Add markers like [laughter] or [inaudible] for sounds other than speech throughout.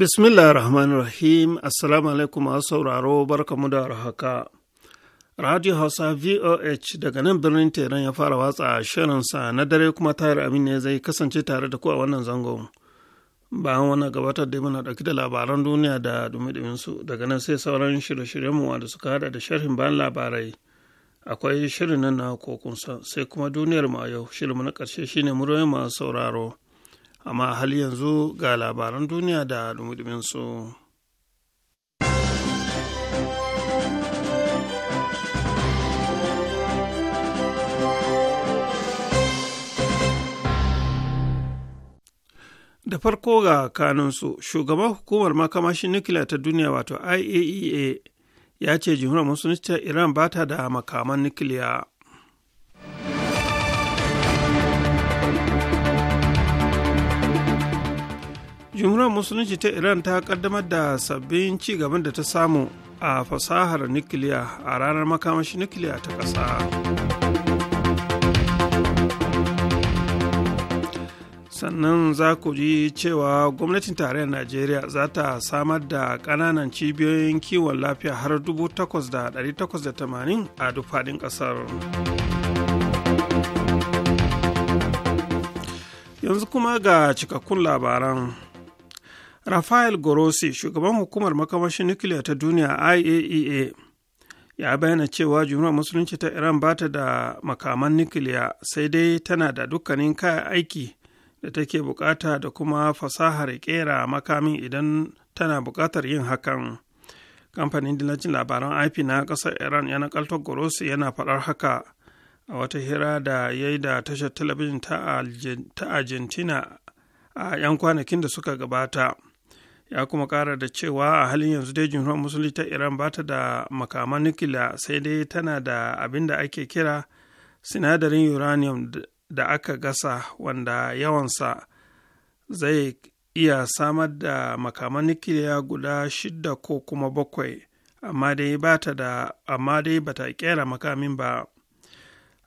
Bismillah rahman rahim Assalamu alaikum masu sauraro barkamu da haka. Radio Hausa VOH daga nan birnin Teran ya fara watsa shirinsa na dare kuma tayar amin ne zai kasance tare da ku a wannan zango Bayan wani gabatar da muna ɗauki da labaran duniya da dumi su daga nan sai sauran shirye shiryen mu wanda suka hada da sharhin bayan labarai. Akwai shirin nan na kokunsa sai kuma duniyar a yau shirin na ƙarshe shine muryoyin masu sauraro. amma hal yanzu ga labaran duniya da dumudumin su. da farko ga kanunsu shugaban hukumar makamashin nukiliya ta duniya wato iaea e ya ce jimhuriyar musulunci iran ba ta da makaman nukiliya jumhuriyar musulunci ta iran ta kaddamar da sabbin ci gaban da ta samu a fasahar nukiliya a ranar makamashin nukiliya ta ƙasa sannan za ku ji cewa gwamnatin tarayyar najeriya za ta samar da ƙananan cibiyoyin kiwon lafiya har 8,880 a duk faɗin ƙasar yanzu kuma ga cikakkun labaran rafael gorosi shugaban hukumar makamashin nukiliya ta duniya iaea e ya bayyana cewa jumhuriyar musulunci ta iran ba ta da makaman nukiliya sai dai tana da dukkanin kayan aiki da take bukata da kuma fasahar kera makamin idan tana bukatar yin hakan kamfanin dillacin labaran ip na kasar iran yana kalto gorosi yana faɗar haka a wata hira da ya yi da tashar talabijin ta argentina a 'yan kwanakin da suka gabata. ya kuma kara da cewa a halin yanzu dai jumhuriyar musulunci ta iran ba ta da makaman nukiliya sai dai tana da abin da ake kira sinadarin uranium da aka gasa wanda yawansa zai iya samar da makaman nukiliya guda shidda ko kuma bakwai amma dai ba ta da amma dai ba ta kera makamin ba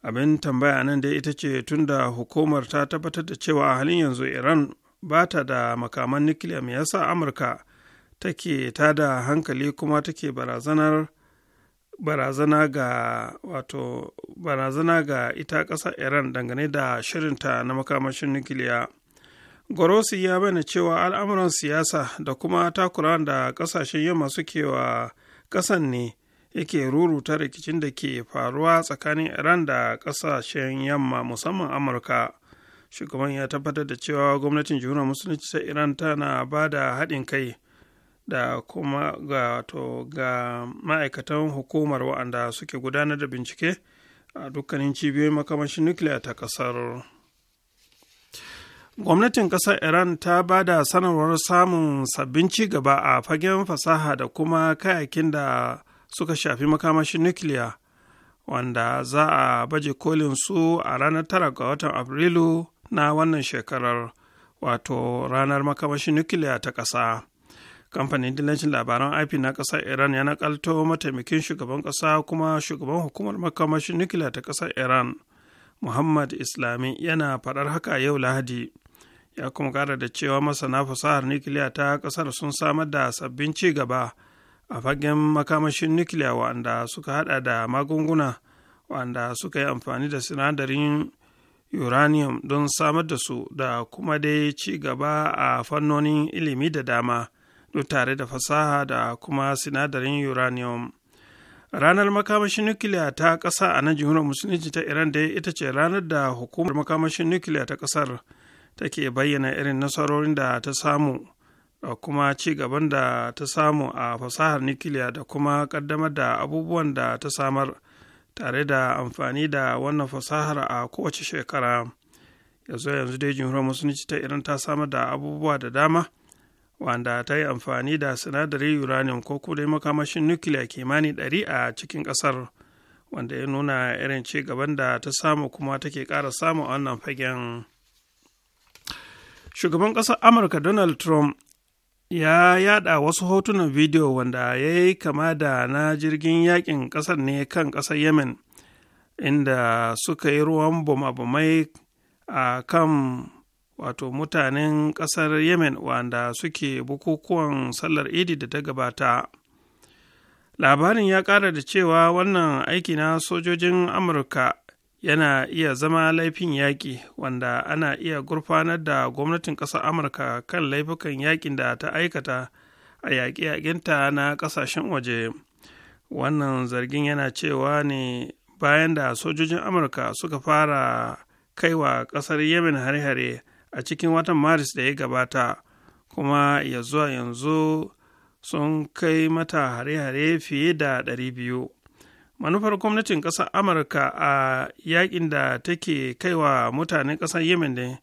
abin tambaya nan dai ita ce tunda hukumar ta tabbatar da cewa a halin yanzu iran ba ta da makaman nukiliya mai yasa amurka take da hankali kuma take barazanar barazana ga wato barazana ga ita kasa iran dangane da shirinta na makamashin nukiliya gorosi ya bayyana cewa al'amuran siyasa da kuma takuran da ƙasashen yamma suke wa ƙasan ne yake ruruta rikicin da ke faruwa tsakanin iran da ƙasashen yamma musamman amurka shugaban ya tabbatar da cewa gwamnatin jihunar musulunci ta iran tana ba da haɗin kai da kuma ga, to, ga ma'aikatan hukumar waɗanda suke gudanar da bincike a dukkanin cibiyoyin makamashin nukiliya ta ƙasar gwamnatin ƙasar iran ta ba da sanarwar samun sabbin ci gaba a fagen fasaha da kuma kayakin da suka shafi makamashin nukiliya wanda za a baje kolin su a ranar tara ga watan afrilu na wannan shekarar wato ranar makamashin nukiliya ta ƙasa kamfanin dillancin labaran ip na ƙasar iran ya naƙalto mataimakin shugaban ƙasa kuma shugaban hukumar makamashin nukiliya ta ƙasar iran muhammad islami yana faɗar haka yau lahadi ya kuma ƙara da cewa masana fasahar nukiliya ta ƙasar sun samar da sabbin ci gaba a fagen makamashin nukiliya wanda suka haɗa da magunguna wanda suka yi amfani da sinadarin uranium don samar da su da kuma dai ci gaba a fannonin ilimi da dama duk tare da fasaha da kuma sinadarin uranium ranar makamashin nukiliya ta ƙasa a nan jihunar musulunci ta iran dai ita ce ranar da hukumar makamashin nukiliya ta ƙasar take bayyana irin nasarorin da ta samu da kuma ci gaban da ta samu a fasahar nukiliya da kuma ƙaddamar da abubuwan da ta samar. tare da amfani da wannan fasahar a kowace shekara yanzu yanzu dai jimhuriyar musulunci ta iran ta samar da abubuwa da dama wanda ta yi amfani da sinadarin uranium ko kudai makamashin nukiliya kimani ɗari a cikin ƙasar wanda ya nuna irin ci gaban da ta samu kuma take ƙara samu a wannan fagen shugaban kasar amurka donald trump ya yada wasu hotunan bidiyo wanda ya yi kama da na jirgin yakin ƙasar ne kan kasar yemen inda suka yi ruwan bama-bamai a kan wato mutanen kasar yemen wanda suke bukukuwan sallar idi da ta gabata labarin ya kara da cewa wannan aiki na sojojin amurka yana iya zama laifin yaƙi wanda ana iya gurfanar da gwamnatin ƙasar amurka kan laifukan yaƙin da ta aikata a yaƙi yaƙinta na ƙasashen waje wannan zargin yana cewa ne bayan da sojojin amurka suka fara kaiwa ƙasar yemen hare-hare a cikin watan maris da ya gabata kuma ya zuwa yanzu sun kai mata hare-hare fiye da 200 manufar gwamnatin ƙasar amurka a yakin da take kaiwa mutanen ƙasar yemen da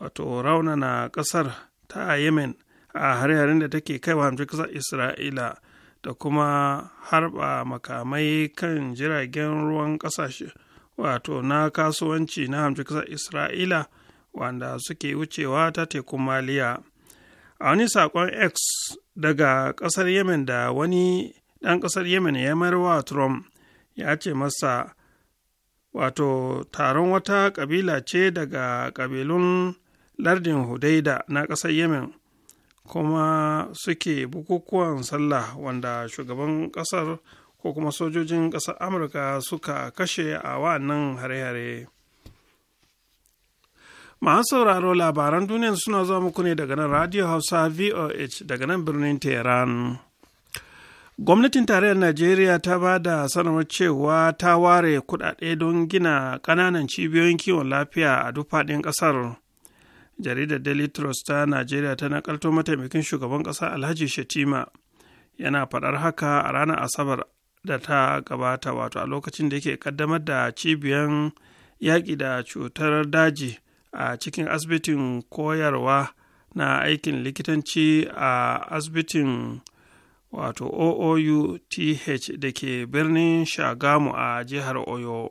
wato raunana ƙasar ta yemen a hare-haren da take kaiwa hamshin ƙasar isra'ila da kuma harba makamai kan jiragen ruwan ƙasashe wato na kasuwanci na hamshin ƙasar isra'ila wanda suke wucewa ta tekun maliya a wani saƙon x daga ƙasar yemen da wani ɗan ƙasar yemen ya mayar wa trump ya ce masa wato taron wata ƙabila ce daga kabilun lardin hudaida na ƙasar yemen kuma suke bukukuwan sallah wanda shugaban ƙasar ko kuma sojojin ƙasar amurka suka kashe a wannan hare-hare masu sauraro labaran duniya suna zuwa muku ne daga nan radio hausa voh daga nan birnin tehran gwamnatin tarayyar najeriya ta ba da sanarwar cewa ta ware kuɗaɗe don gina ƙananan cibiyoyin kiwon lafiya a duk faɗin ƙasar jaridar daily trust ta najeriya ta nakalto mataimakin shugaban ƙasa alhaji shatima yana faɗar haka a ranar asabar da ta gabata wato a lokacin da yake ƙaddamar da cibiyan yaƙi da cutar daji a cikin asibitin koyarwa na aikin likitanci a asibitin wato OOUTH da ke birnin Shagamu a jihar Oyo.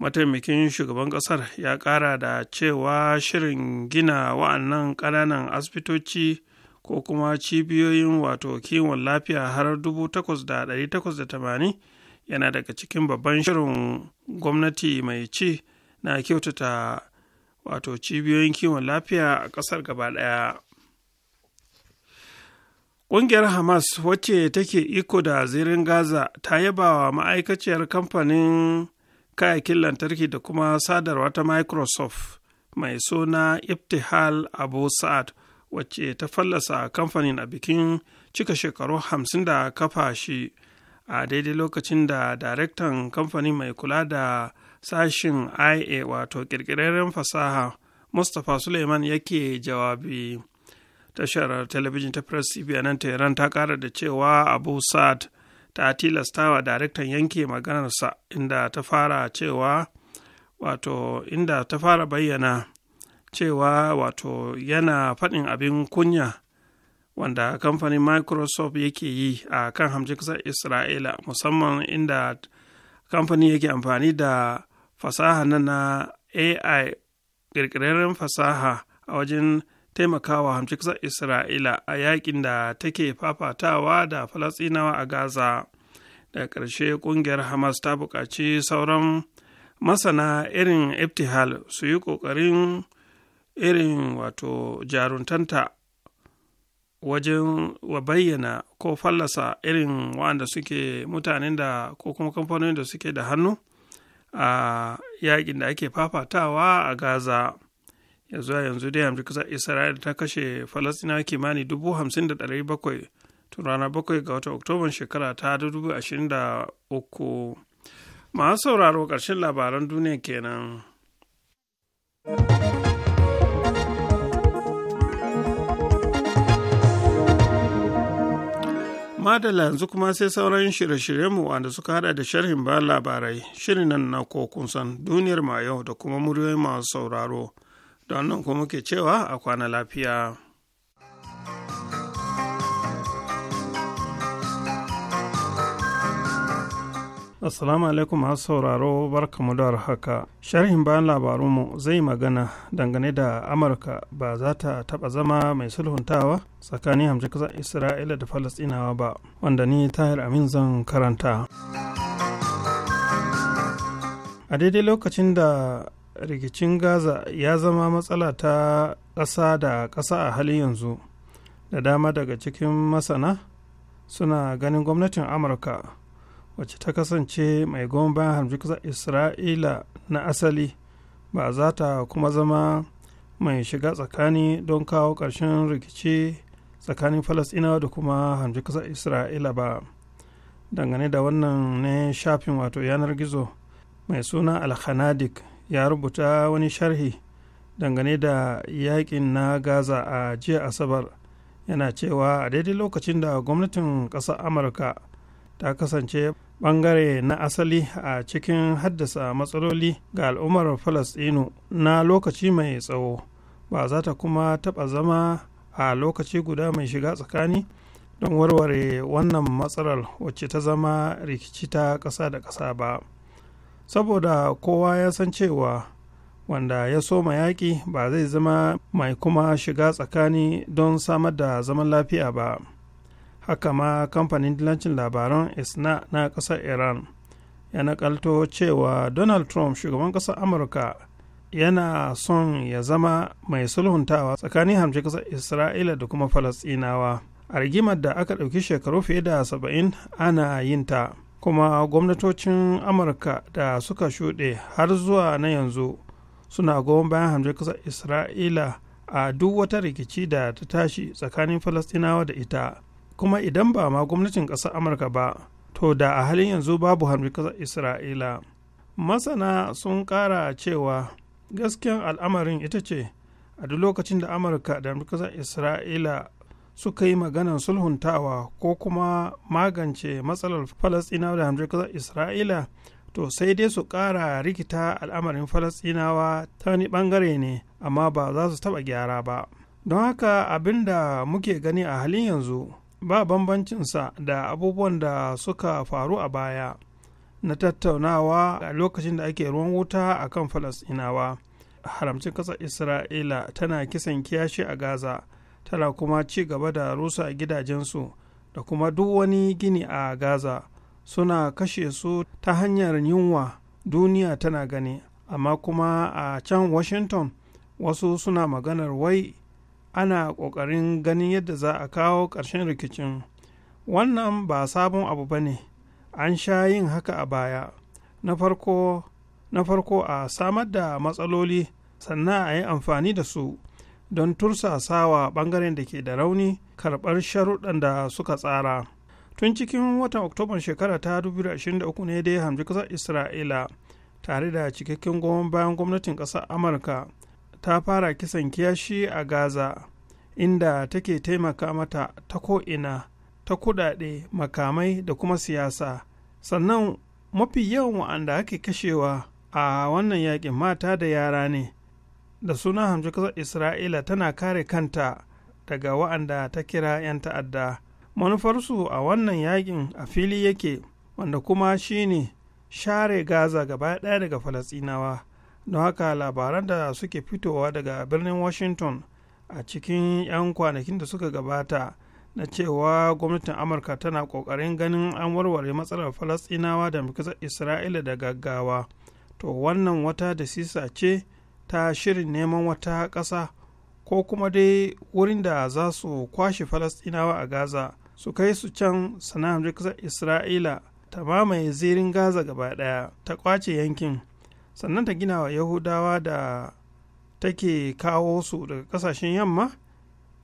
Mataimakin shugaban ƙasar ya ƙara da cewa shirin gina wa'annan ƙananan asibitoci ko kuma cibiyoyin wato kiwon lafiya har 8,880 yana daga cikin babban shirin gwamnati mai ci na kyautata wato cibiyoyin kiwon lafiya a ƙasar gaba ɗaya. Ƙungiyar Hamas wacce take iko da zirin Gaza ta yaba wa ma'aikaciyar kamfanin kayakin lantarki da kuma sadarwa ta Microsoft mai suna Iftihal Abu Sa'ad wacce ta fallasa kamfanin a bikin cika shekaru hamsin da kafa shi a daidai lokacin da daraktan kamfanin mai kula da sashin IA wato ƙirƙirarren fasaha Mustapha Suleiman yake jawabi. tashar talabijin ta press cbn nan ta kara da cewa abu sa'ad ta tilastawa daraktan yanke maganarsa inda ta fara cewa wato inda ta fara bayyana cewa wato yana faɗin abin kunya wanda kamfanin microsoft yake yi a kan hamshin kasar isra'ila musamman inda kamfanin yake amfani da fasaha na ai ƙirƙirarren fasaha a wajen taimakawa hamshiksar isra'ila a yakin da take fafatawa da falasinawa a gaza daga ƙarshe ƙungiyar hamas ta buƙaci sauran masana irin iftihal su yi ƙoƙarin irin wato jaruntanta wajen wa bayyana ko fallasa irin waɗanda suke mutanen da ko kuma kamfanonin da suke da hannu a yakin da ake fafatawa a gaza ya zuwa yanzu dai hamdu kasar isra'ila ta kashe falastina kimani dubu hamsin da ɗari bakwai tun rana bakwai ga wata oktoban shekara ta dubu ashirin da uku masu sauraro ƙarshen labaran duniya kenan. Madalla yanzu kuma sai sauran shirye-shiryenmu wanda suka hada da sharhin ba labarai, shirin nan na kokun duniyar ma yau da kuma muryoyin masu sauraro. don nan kuma muke cewa a kwana lafiya. Assalamu alaikum masu sauraro barkamu da haka. Sharhin bayan labarunmu zai magana dangane da Amurka ba za ta taɓa zama mai sulhuntawa tsakanin hamshe Isra'ila da Falasɗinawa ba, wanda ni Tahir Amin zan karanta. A daidai lokacin da rikicin gaza ya zama matsala ta ƙasa da ƙasa a halin yanzu da dama daga cikin masana suna ganin gwamnatin amurka wacce ta kasance mai goma bayan hamjiksa isra'ila na asali ba za ta kuma zama mai shiga tsakani don kawo ƙarshen rikici tsakanin falasɗinawa da kuma hamjiksa isra'ila ba dangane da wannan ne shafin wato yanar gizo mai suna alhanadik ya rubuta wani sharhi dangane da yakin na gaza a jiya asabar yana cewa a daidai lokacin da gwamnatin ƙasar amurka ta kasance bangare na asali a cikin haddasa matsaloli ga al'ummar falastinu na lokaci mai tsawo ba za ta kuma taɓa zama a lokaci guda mai shiga tsakani don warware wannan matsalar wacce ta zama rikici ta ƙasa da ƙasa ba. saboda kowa ya san cewa wanda ya soma yaƙi ba zai zama mai kuma shiga tsakani don samar da zaman lafiya ba haka ma kamfanin dilancin labaran isna na ƙasar iran ya nakalto cewa donald trump shugaban ƙasar amurka yana son ya zama mai sulhuntawa tsakanin hamshe ƙasar isra'ila da kuma falasɗinawa a rigimar da aka ɗauki shekaru fiye da saba'in ana yin ta kuma gwamnatocin amurka da suka shuɗe har zuwa na yanzu suna goma bayan hamjar Kasar isra'ila a duk wata rikici da ta tashi tsakanin falastinawa da ita kuma idan ba ma gwamnatin ƙasar amurka ba to da a halin yanzu babu hamjar Kasar isra'ila masana sun ƙara cewa gaskiyan al'amarin ita ce a duk lokacin da amurka da Kasar isra'ila suka yi maganan sulhuntawa ko kuma magance matsalar falasɗinawa da kasar isra'ila to sai dai su ƙara rikita al'amarin falasɗinawa ta wani ɓangare ne amma ba za su taɓa gyara ba don haka abin da muke gani a halin yanzu ba bambancinsa da abubuwan da suka faru a baya na tattaunawa a lokacin da ake ruwan wuta a kan falasɗinawa haramcin ƙasar isra'ila tana kisan kiyashi a gaza tana kuma ci gaba da rusa gidajensu da kuma duk wani gini a gaza suna kashe su ta hanyar yunwa duniya tana gani amma kuma a can washington wasu suna maganar wai ana ƙoƙarin ganin yadda za a kawo ƙarshen rikicin wannan ba sabon abu ba ne an sha yin haka a baya na na farko a samar da matsaloli sannan a yi amfani da su don tursasawa bangaren da ke da rauni karɓar sharuɗan da suka tsara tun cikin watan oktoban shekara ta 2023 ne dai hamji ƙasar isra'ila tare da cikakken goma bayan gwamnatin ƙasar amurka ta fara kisan kiyashi a gaza inda take taimaka mata ta ko'ina ta kuɗaɗe makamai da kuma siyasa sannan mafi yawan wa'anda ake kashewa a wannan yaƙin mata da yara ne da suna hamji kasar isra'ila tana kare kanta daga wa'anda ta kira 'yan ta'adda manufarsu a wannan yakin a fili yake wanda kuma shine share gaza gaba ɗaya daga falasinawa don haka labaran da suke fitowa daga birnin washington a cikin 'yan kwanakin da suka gabata na cewa gwamnatin amurka tana ƙoƙarin ganin an warware matsalar falasinawa da isra'ila da gaggawa to wannan wata da sisa ce ta shirin neman wata ƙasa ko kuma dai wurin da za su kwashe falastinawa a gaza su kai su can sana'ar isra'ila ta mamaye zirin gaza gaba ɗaya ta kwace yankin sannan ta gina wa yahudawa da take kawo su daga ƙasashen yamma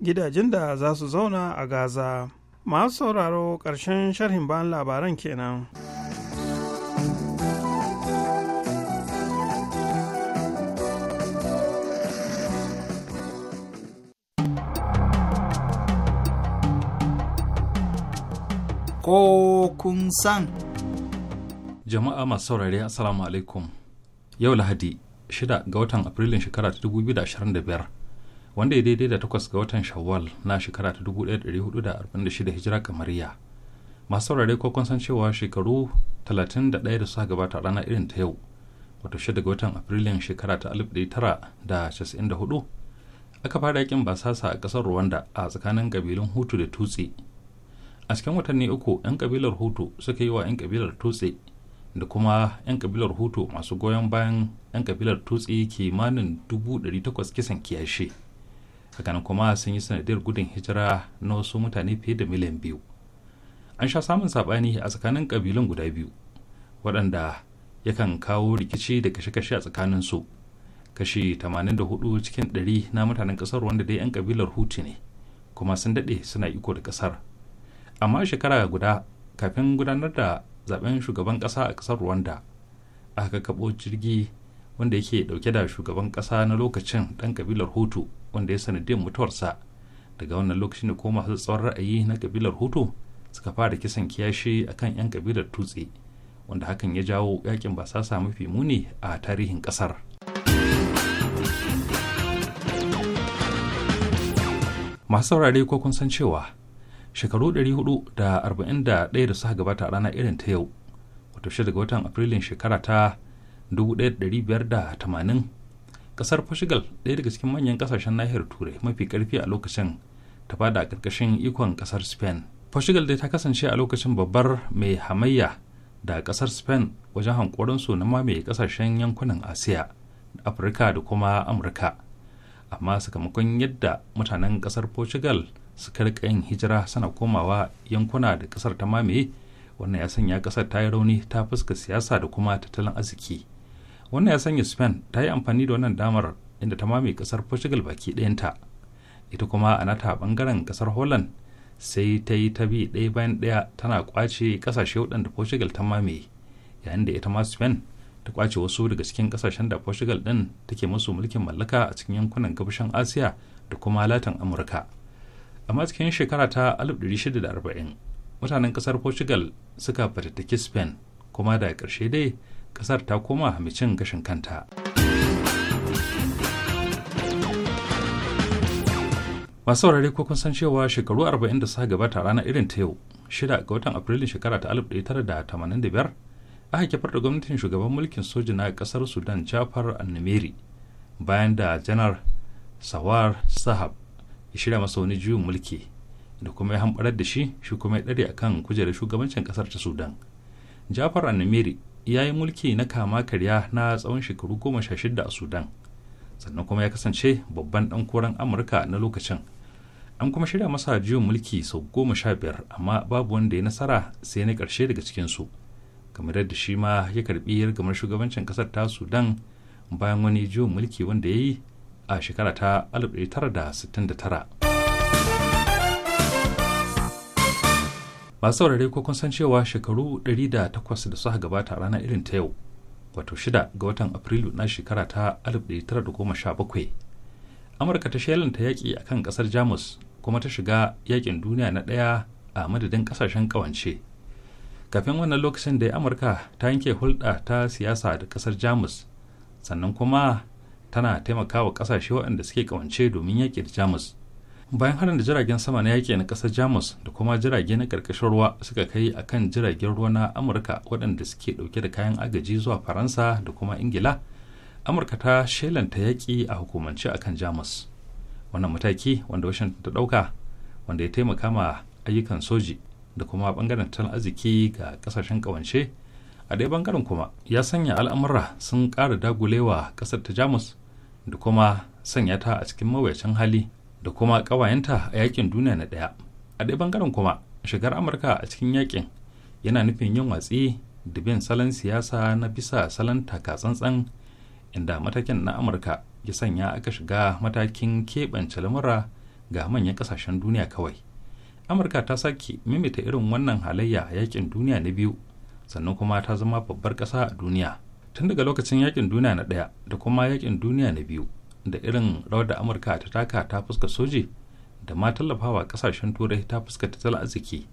gidajen da za su zauna a gaza masu sauraro ƙarshen sharhin bayan labaran kenan. ko kun san. Jama'a masu saurare Assalamu alaikum. Yau Lahadi, shida ga watan Afrilun shekara ta 2025, wanda ya daidai da takwas ga watan Shawwal na shekara ta shida hijira kamariya. Masu saurare ko kun san cewa shekaru 31 da suka gabata rana irin ta yau, wato shida ga watan Afrilun shekara ta 1994, aka fara yakin basasa a ƙasar Rwanda a tsakanin kabilun Hutu da Tutsi. a cikin watanni uku 'yan kabilar hutu suka yi wa 'yan kabilar tutsi da kuma 'yan kabilar hutu masu goyon bayan 'yan kabilar tutsi kimanin 800 kisan kiyashe hakanan kuma sun yi sanadiyar gudun hijira na wasu mutane fiye da miliyan biyu an sha samun saɓani a tsakanin kabilun guda biyu waɗanda yakan kawo rikici da kashe-kashe a tsakanin su kashi 84 cikin 100 na mutanen ƙasar wanda dai 'yan kabilar hutu ne kuma sun daɗe suna iko da ƙasar amma shekara guda kafin gudanar da zaben shugaban kasa a kasar rwanda aka kabo jirgi wanda yake dauke da shugaban kasa na lokacin dan kabilar hutu wanda ya sanadin mutuwarsa daga wannan lokacin da ko masu tsawon ra'ayi na kabilar hutu suka fara kisan kiyashi kan 'yan kabilar tutse wanda hakan ya jawo yakin basasa mafi muni a tarihin kasar masu saurare ko kun san cewa shekaru 441 da suka gabata a rana irin ta yau wato shida ga watan afrilun shekara ta 1580 kasar portugal ɗaya daga cikin manyan kasashen nahiyar turai mafi karfi a lokacin ta fada a ƙarƙashin ikon kasar spain portugal dai ta kasance a lokacin babbar mai hamayya da kasar spain wajen hankorinsu na mamaye kasashen yankunan asiya afirka da kuma amurka amma sakamakon yadda mutanen kasar portugal suka rika yin hijira suna komawa yankuna da kasar ta mamaye wannan ya sanya kasar ta yi rauni ta fuska siyasa da kuma tattalin arziki wannan ya sanya spain ta yi amfani da wannan damar inda ta mamaye kasar portugal baki ɗayanta ita kuma a nata bangaren kasar holland sai ta yi ta bi ɗaya bayan ɗaya tana kwace kasashe waɗanda portugal ta mamaye yayin da ita ma spain ta kwace wasu daga cikin kasashen da portugal ɗin take musu mulkin mallaka a cikin yankunan gabashin asiya da kuma latin amurka amma cikin shekara ta 1640 mutanen kasar portugal suka fatattaki spain kuma da karshe dai kasar ta koma hamicin gashin kanta masu saurare ko kun san cewa shekaru 40 da suka gabata rana irin ta yau shida ga watan afrilun shekara ta 1985 aka kifar da gwamnatin shugaban mulkin soja na kasar sudan jafar annumeri bayan da janar sawar sahab ya shirya masa wani juyin mulki da kuma ya hamɓarar da shi shi kuma ya ɗare akan kujerar shugabancin ƙasar ta sudan jafar annamiri ya yi mulki na kama karya na tsawon shekaru goma sha shida a sudan sannan kuma ya kasance babban ɗan koren amurka na lokacin an kuma shirya masa juyin mulki sau goma sha biyar amma babu wanda ya nasara sai na karshe daga cikinsu kamar da shi ma ya karɓi yargamar shugabancin ƙasar ta sudan bayan wani juyin mulki wanda ya yi a shekara ta 1969 masu saurare ko kun san cewa shekaru 108 da suka gabata a ranar irin ta yau wato shida ga watan afrilu na shekara ta 1917 amurka ta shelanta yaƙi a kan ƙasar jamus kuma ta shiga yaƙin duniya na ɗaya a madadin ƙasashen ƙawance kafin wannan lokacin da amurka ta yanke hulɗa ta siyasa da ƙasar jamus sannan kuma tana taimakawa kasashe waɗanda suke kawance domin yaƙi da jamus bayan harin da jiragen sama na yaƙi na ƙasar jamus da kuma jirage na ƙarƙashin ruwa suka kai a kan jiragen ruwa na amurka waɗanda suke ɗauke da kayan agaji zuwa faransa da kuma ingila amurka ta shelanta yaƙi a hukumance akan jamus wannan mataki wanda washington ta ɗauka wanda ya taimaka ma ayyukan soji da kuma ɓangaren tattalin arziki ga ƙasashen ƙawance a dai bangaren kuma ya sanya al'amura sun ƙara dagulewa ƙasar ta jamus da kuma sanya ta a cikin mawuyacin hali da kuma ƙawayenta a yakin duniya na ɗaya a dai bangaren kuma shigar amurka a cikin yakin yana nufin yin watsi da bin salon siyasa na bisa salon takatsantsan inda matakin na amurka ya sanya aka shiga matakin keɓance lamura ga manyan ƙasashen duniya kawai amurka ta sake mimita irin wannan halayya a yakin duniya na biyu sannan kuma ta zama babbar ƙasa a duniya tun daga lokacin yakin duniya na ɗaya da kuma yakin duniya na biyu da irin rawar da amurka ta taka ta fuska soji da ma tallafawa ƙasashen turai ta fuska tattalin arziki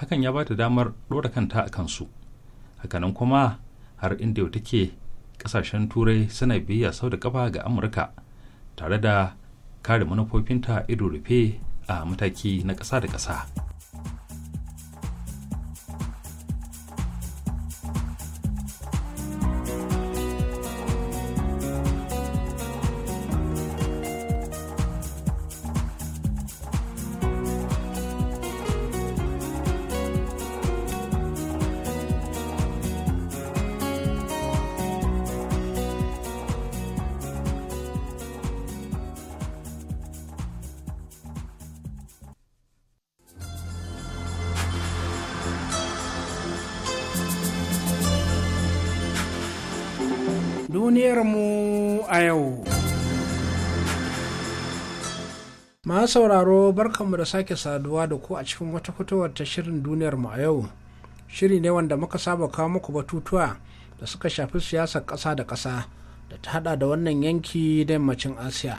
hakan ya bata damar ɗora kanta a kansu hakanan kuma har inda yau take ƙasashen turai suna biyayya sau da kafa ga amurka tare da kare manufofinta ido rufe a mataki na ƙasa da ƙasa. masu sauraro barkanmu da sake saduwa da ku a cikin wata fitowar ta shirin duniyar mu a yau shiri ne wanda muka saba kawo muku batutuwa da suka shafi siyasar ƙasa da ƙasa da ta hada da wannan yanki da yammacin asiya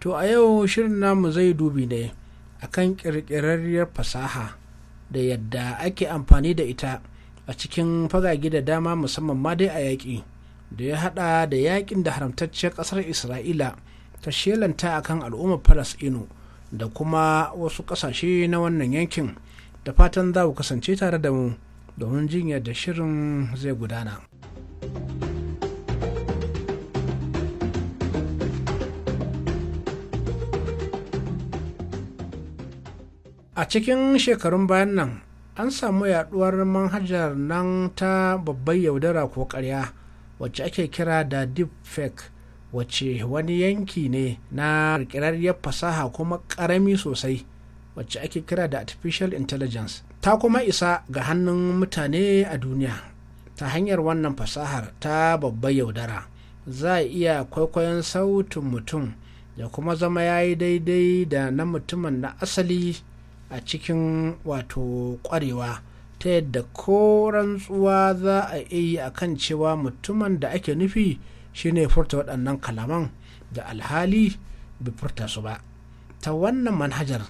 to a yau shirin namu zai dubi ne akan ƙirƙirarriyar fasaha da yadda ake amfani da ita a cikin fagage da dama musamman ma dai a yaƙi da ya hada da yaƙin da haramtacciyar ƙasar isra'ila ta shelanta akan al'ummar falasɗinu da kuma wasu kasashe na wannan yankin da fatan za ku kasance tare da mu domin jin yadda shirin zai gudana. a cikin shekarun bayan nan an samu yaduwar manhajar nan ta babbar yaudara ko karya wacce ake kira da deepfake wacce wani yanki ne na kirkirarriyar fasaha kuma karami sosai wacce ake kira da artificial intelligence ta kuma isa ga hannun mutane a duniya ta hanyar wannan fasahar ta babba yaudara za a iya kwaikwayon sautin mutum da kuma zama ya yi daidai da na mutumin na asali a cikin wato kwarewa ta yadda ko rantsuwa za a iya akan cewa mutumin da ake nufi shine furta waɗannan kalaman da alhali bai furta su ba ta wannan manhajar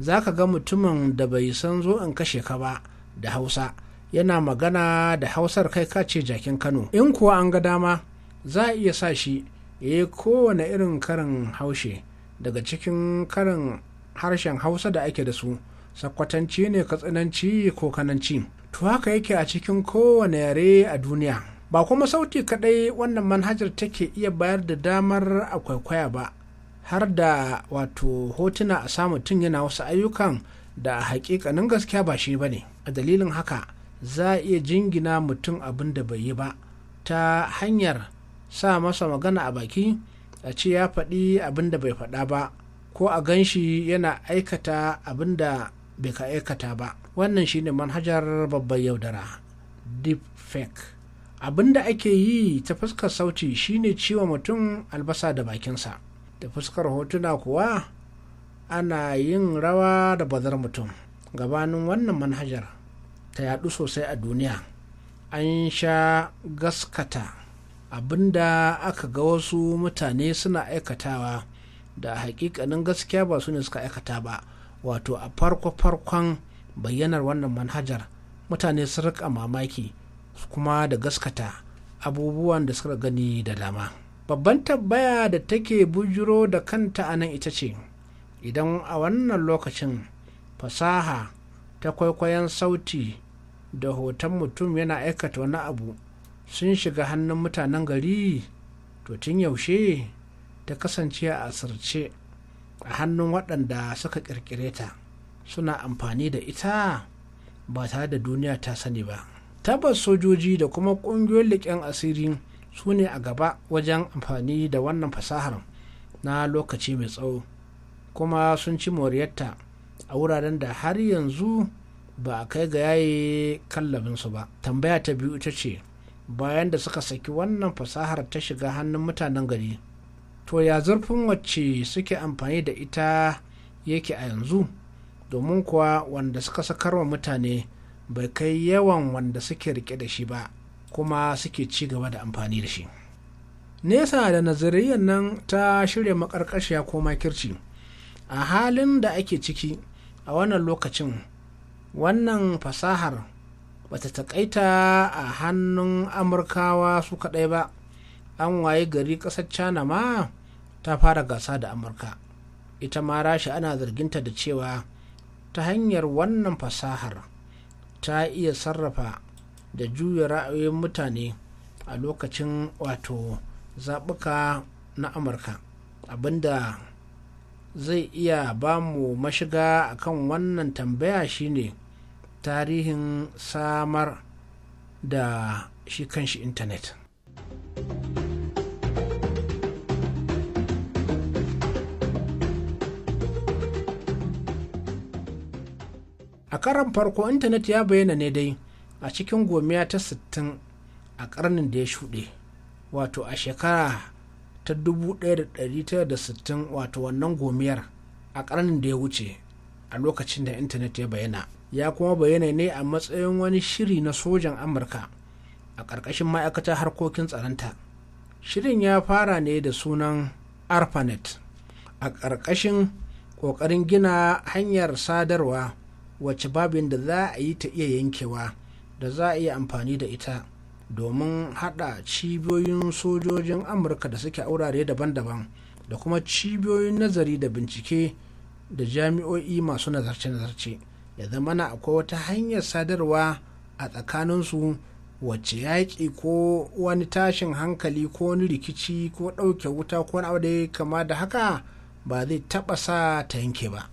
za ka ga mutumin da bai san zo in kashe ka ba da hausa yana magana da hausar kai kace jakin kano in kuwa an ga dama za a iya sa shi ya yi kowane irin karin haushe daga cikin karin harshen hausa da ake da su sakwatanci ne katsinanci ko kananci to haka yake a cikin kowane yare a duniya ba kuma sauti kadai wannan manhajar take iya bayar da damar a kwaikwaya ba har da wato hotuna a samu tun yana wasu ayyukan da hakikanin gaskiya ba shi ba ne a dalilin haka za a iya jingina mutum abin da bai yi ba ta hanyar sa masa magana a baki a ce ya faɗi abin da bai faɗa ba ko a gan shi yana aikata abin da bai ka aikata ba wannan shine manhajar babbar yaudara deep fake abin da ake yi ta fuskar sauti shine ciwa mutum albasa da bakinsa da fuskar hotuna kuwa ana yin rawa da bazar mutum gabanin wannan manhajar ta yadu sosai a duniya an sha gaskata abinda aka ga wasu mutane suna aikatawa da hakikanin gaskiya ba su ne suka aikata ba wato a farko-farkon bayyanar wannan manhajar mutane sun rika mamaki kuma da gaskata abubuwan da suka gani da dama babban tabbaya da take bujiro da kanta a nan ita ce idan a wannan lokacin fasaha ta kwaikwayon sauti da hoton mutum yana aikata wani abu sun shiga hannun mutanen gari to tun yaushe ta kasance a asirce a hannun waɗanda suka ƙirƙire ta suna amfani da ita ba tare da duniya ta sani ba tabbas sojoji da kuma ƙungiyoyin leƙen asiri su ne a gaba wajen amfani da wannan fasahar na lokaci mai tsawo kuma sun ci moriyarta a wuraren da har yanzu ba a kai ga yaye kallabinsu ba tambaya ta biyu ita ce bayan da suka saki wannan fasahar ta shiga hannun mutanen gari to ya zurfin wacce suke amfani da ita yake a yanzu domin kuwa wanda suka sakarwa mutane bai kai yawan wanda suke rike da shi ba kuma suke ci gaba da amfani da shi nesa da nazariyar nan ta shirya makarkashiya ko makirci a halin da ake ciki a wannan lokacin wannan fasahar bata takaita a hannun amurkawa su kaɗai ba an waye gari ƙasar china ma ta fara gasa da amurka ita ma rashi ana zarginta da cewa ta hanyar wannan fasahar ta iya sarrafa da juya ra'ayoyin mutane a lokacin wato zaɓuka na amurka abinda zai iya ba mu mashiga akan wannan tambaya shine tarihin samar da shi kanshi intanet. a karan farko intanet ya bayyana ne dai a cikin gomiya ta 60 a karnin da ya shuɗe wato a shekara ta 1960 wato wannan gomiyar a karnin da ya wuce a lokacin da intanet ya bayyana ya kuma bayyana ne a matsayin wani shiri na sojan amurka a ƙarƙashin ma'aikatar harkokin tsaronta shirin ya fara ne da sunan arpanet a ƙarƙashin ƙoƙarin gina hanyar sadarwa wacce babu yadda za a yi ta iya yankewa da za a iya amfani da ita domin haɗa cibiyoyin sojojin amurka da suke aurare daban-daban da kuma cibiyoyin nazari da bincike da jami'o'i masu nazarce-nazarce ya zama na akwai wata hanyar sadarwa a tsakaninsu wacce yaƙi ko wani tashin hankali ko wani rikici ko ɗauke wuta ko wani abu da ya kama da haka ba zai taɓa sa ta yanke ba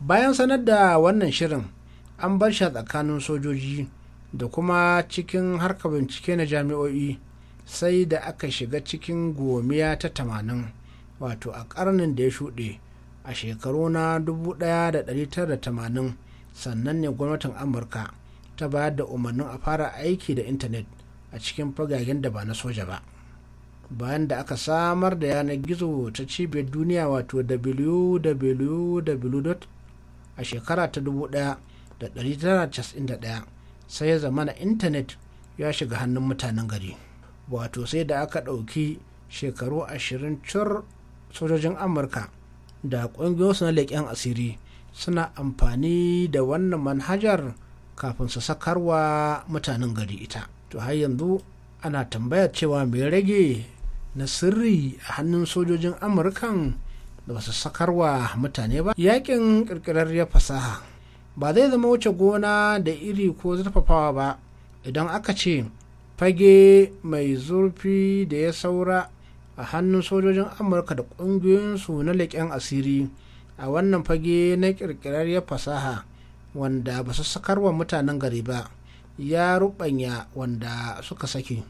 bayan sanar da wannan shirin an bar shi a tsakanin sojoji da kuma cikin harkar bincike na jami'o'i sai da aka shiga cikin gomiya ta tamanin wato a karnin da ya shuɗe a shekaru na 1980 sannan ne gwamnatin amurka ta bayar da umarnin a fara aiki da intanet a cikin fagagen da ba na soja ba bayan da aka samar da yanar gizo ta cibiyar duniya wato www a shekara ta 1991 sai ya zama na intanet ya shiga hannun mutanen gari wato sai da aka ɗauki shekaru 20 cur sojojin amurka da ƙungiyoyinsu na leƙen asiri suna amfani da wannan manhajar kafin su sakarwa mutanen gari ita to har yanzu ana tambayar cewa mai rage na sirri a hannun sojojin amurkan da ba sakarwa mutane ba yakin ya fasaha ba zai zama wuce gona da iri ko zurfafawa ba idan aka ce fage mai zurfi da ya saura a hannun sojojin amurka da ƙungiyoyinsu na leƙen asiri a wannan fage na ya fasaha wanda ba su sakarwa mutanen gari ba ya ruɓanya wanda suka sake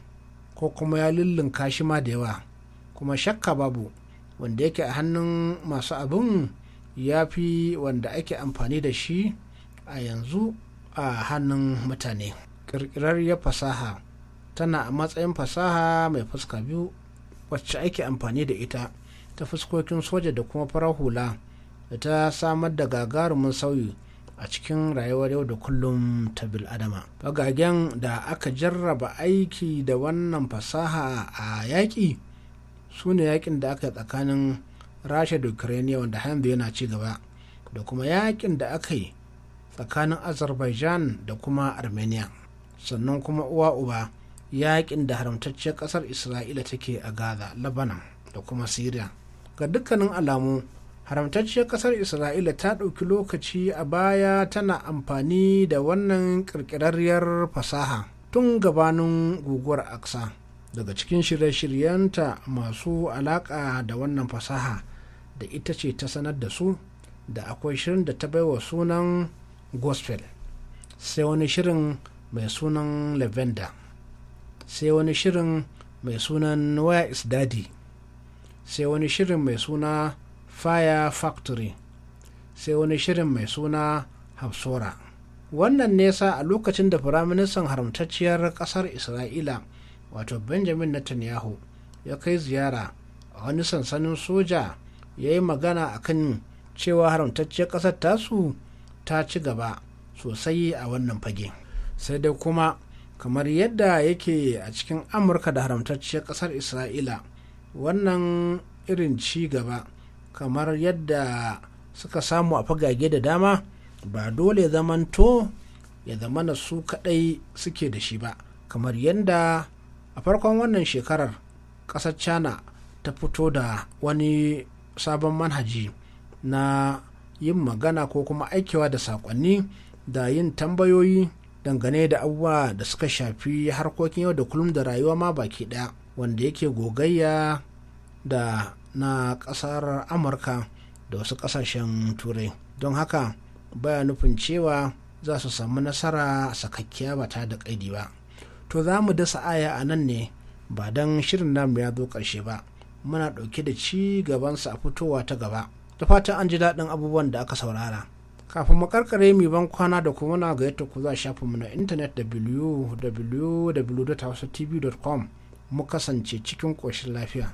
ko kuma ya lullunka shi ma da yawa kuma shakka babu wanda yake a hannun masu abin ya fi wanda ake amfani da shi a yanzu a hannun mutane ƙirƙirar fasaha tana a matsayin fasaha mai fuska biyu wacce ake amfani da ita ta fuskokin soja da kuma farar hula da ta samar da gagarumin sauyi a cikin rayuwar yau da kullum ta bil'adama fagagen da aka jarraba aiki da wannan fasaha a yaƙi su ne yakin da aka yi tsakanin rasha da ukraine wanda hanzu yana ci gaba da kuma yakin da aka yi tsakanin azerbaijan da kuma armenia sannan kuma uwa uba yakin da haramtacciyar kasar isra'ila take a gaza labanan da kuma syria ga dukkanin alamu haramtacciyar kasar isra'ila ta ɗauki lokaci a baya tana amfani da wannan ƙirƙirarriyar fasaha tun gabanin guguwar aksa daga cikin shirye-shiryenta masu alaƙa da wannan fasaha da ita ce ta sanar da su da akwai shirin da ta baiwa sunan gospel sai wani shirin mai sunan lavender sai wani shirin mai sunan where is daddy sai wani shirin mai suna fire factory sai wani shirin mai suna hafsora wannan nesa a lokacin da firaministan haramtacciyar ƙasar isra'ila wato benjamin netanyahu ya kai ziyara a wani sansanin soja ya yi magana a kan cewa haramtacciyar ƙasar tasu ta ci gaba sosai a wannan fage sai dai kuma kamar yadda yake a cikin amurka da haramtacciyar ƙasar isra'ila wannan irin ci gaba kamar yadda suka samu a fagage da dama ba dole zamanto ya na su kadai suke da shi ba kamar yadda a farkon wannan shekarar ƙasar china ta fito da wani sabon manhaji na yin magana ko kuma aikewa da saƙonni da yin tambayoyi dangane da abubuwa da suka shafi harkokin yau da kullum da rayuwa ma baki ɗaya wanda yake gogayya da na ƙasar amurka da wasu ƙasashen turai don haka baya nufin cewa za su samu nasara sakakkiya ba ta da ƙaidi ba to za mu dasa aya a nan ne ba don shirin namu ya zo ƙarshe ba muna ɗauke da ci gabansa a fitowa ta gaba da fatan an ji daɗin abubuwan da aka saurara kafin mu karkare mu ban kwana da kuma na gayyata ku za mu na intanet www.hausatv.com mu kasance cikin ƙoshin lafiya.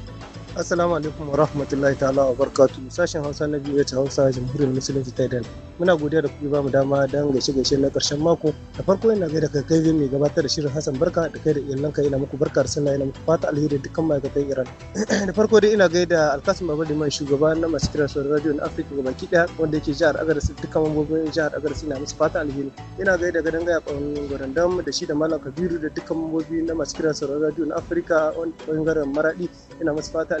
Assalamu alaikum wa rahmatullahi ta'ala wa barkatu sashen Hausa na biyu ta Hausa Jamhuriyar Musulunci ta Idan. Muna godiya da kuke bamu dama don gaishe gaishe na karshen mako. Da farko ina gaida kai kai mai gabatar da shirin Hassan Barka da kai da iyalanka ina muku barka da sallah ina muku fata alheri da dukkan ma'aikatan Iran. [clears throat] da farko dai ina gaida Alkasim Babu mai shugaba na masu kiran sauran radio na Afirka gaba ki daya wanda yake jihar Agadez dukkan mambobin jihar Agadez ina musu fata alheri. Ina gaida gadan gaya kwanin gwarandam da shi da Malam Kabiru da dukkan mambobi na masu kiran sauran radio na Afirka wani bangaren Maradi ina musu fata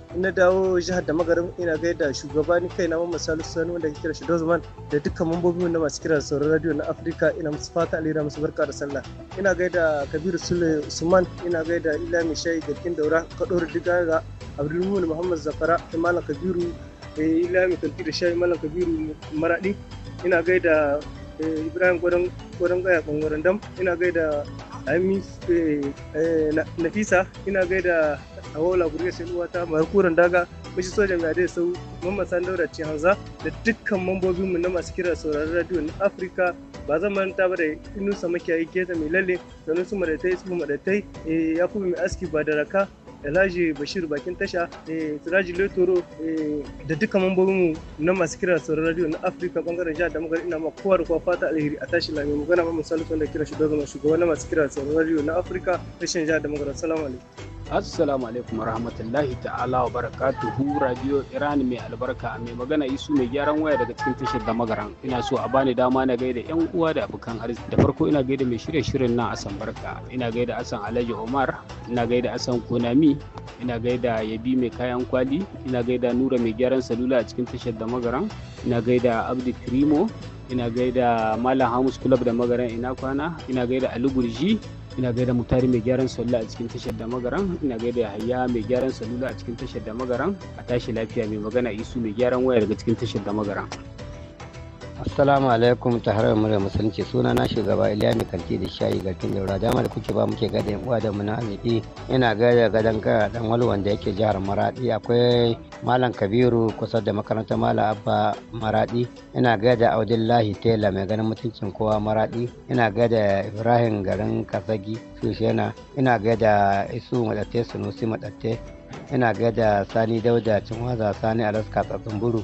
na dawo jihar da magarin ina gaida shugaba ni kaina mamman salisu sani wanda ke kira shi dozman da dukkan mambobin na masu kiran sauran radio na afirka ina musu fata alira musu barka da sallah ina gaida kabiru sule usman ina gaida ila mai shayi garkin daura kadoro digaga abdulmumin muhammad zafara malam kabiru eh, ila mai kanti da shayi malam kabiru maradi ina gaida eh, ibrahim gwadon gaya bangaren dam ina gaida eh, nafisa ina gaida a wola gurga sai luwata mai kuren daga mashi sojan gade sau mamman sandaura ce hanza da dukkan mambobinmu na masu kira sauraron radio na afirka ba zan manta ba da inusa makiyayi keta mai lalle da nusu madatai su madatai eh, ya kuma mai aski ba da raka Elaji Bashir Bakin Tasha, eh, Siraji Lotoro eh, da duka mambobinmu na masu kira sauran radio na Afirka bangaren jihar Damagari ina ma kowa da kowa fata alheri a tashi lami mu gana mamu salisu wanda kira shugaban shugaban na masu kira sauran radio na Afirka rashin jihar Damagari. Assalamu alaikum. Assalamu alaikum rahmatullahi ta'ala wa barakatuhu Radio Iran mai albarka mai magana isu mai gyaran waya daga cikin tashar da ina so a bani dama na gaida yan uwa da abokan arziki da farko ina gaida mai shirye shirin na asan barka ina gaida asan Alhaji Omar ina gaida asan Konami ina gaida Yabi mai kayan kwali ina gaida Nura mai gyaran salula a cikin tashar da magaran ina gaida Abdi Krimo ina gaida Malam Hamus Club da magaran ina kwana ina gaida Ali ina gaida mutari mai gyaran salula a cikin tashar da magaran ina gaida hayya mai gyaran salula a cikin tashar da magaran a tashi lafiya mai magana isu mai gyaran waya daga cikin tashar da magaran assalamu alaikum ta harar murya musulunci suna na shugaba iliya mai kanti da shayi garkin daura dama da kuke ba muke gada uwa da muna arziki ina gada gadon kara dan wani wanda yake jihar maradi akwai malam kabiru kusa da makarantar malam abba maradi ina gada audillahi tela mai ganin mutuncin kowa maradi ina gada ibrahim garin kasagi shushena ina gada isu madatte sunusi madatte ina gada sani dauda cin waza sani alaska tsatsun buru